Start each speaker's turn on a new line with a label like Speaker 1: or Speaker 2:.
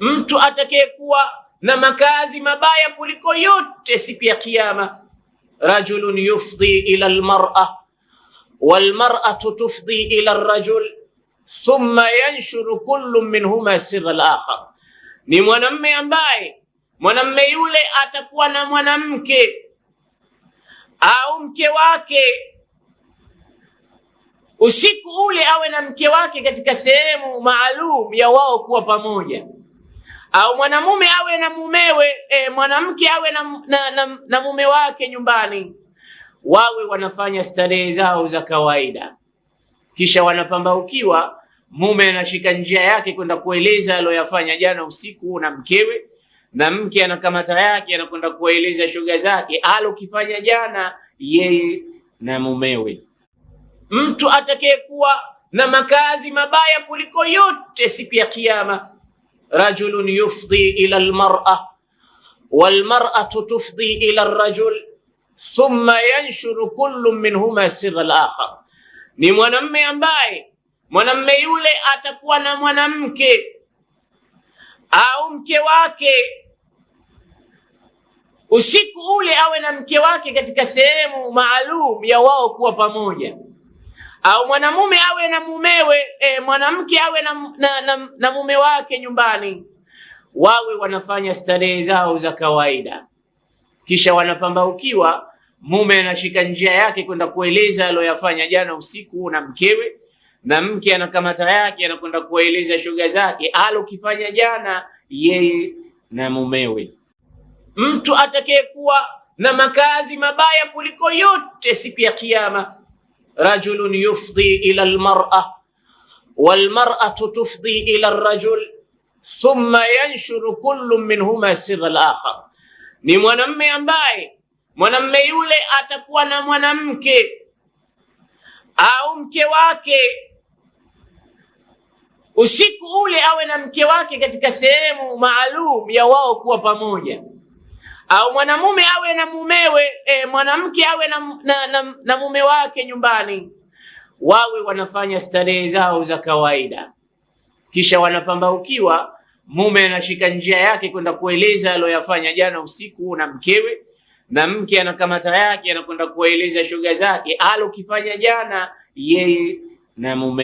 Speaker 1: mtu atakayekuwa na makazi mabaya kuliko yote siku ya Kiyama, rajulun yufdi ila almar'a walmar'atu tufdi ila arrajul thumma yanshuru kullu minhuma sirra al-akhar, ni mwanamme ambaye mwanamme yule atakuwa na mwanamke au mke wake usiku ule, awe na mke wake katika sehemu maalum ya wao kuwa pamoja au mwanamume awe na mumewe e, mwanamke awe na, na, na, na mume wake nyumbani, wawe wanafanya starehe zao za kawaida, kisha wanapambaukiwa, mume anashika njia yake kwenda kueleza aliyoyafanya jana usiku na mkewe, na mke anakamata yake anakwenda kueleza shoga zake alokifanya jana yeye na mumewe. Mtu atakayekuwa na makazi mabaya kuliko yote siku ya Kiyama رجل يفضي الى المراه والمراه تفضي الى الرجل ثم ينشر كل منهما سر الاخر ni mwanamme ambaye mwanamme yule atakuwa na mwanamke au mke wake usiku ule awe na mke wake katika sehemu maalum ya wao kuwa pamoja au mwanamume awe na mumewe e, mwanamke awe na, na, na, na mume wake nyumbani, wawe wanafanya starehe zao za kawaida, kisha wanapambaukiwa, mume anashika njia yake kwenda kueleza aliyoyafanya jana usiku na mkewe, na mke anakamata yake anakwenda kueleza shoga zake alokifanya jana yeye na mumewe. Mtu atakayekuwa na makazi mabaya kuliko yote siku ya Kiyama rajulun yufdi ila almar'a walmar'atu tufdi ila arrajul thumma yanshuru kullu minhuma sirra al ni mwanamme ambaye mwanamme yule atakuwa na mwanamke au mke wake usiku ule awe na mke wake katika sehemu maalum ya wao kuwa pamoja au mwanamume awe na mumewe e, mwanamke awe na, na, na, na mume wake nyumbani, wawe wanafanya starehe zao za kawaida, kisha wanapambaukiwa, mume anashika njia yake kwenda kueleza aliyoyafanya jana usiku na mkewe, na mke anakamata yake anakwenda kueleza shoga zake alokifanya jana yeye na mume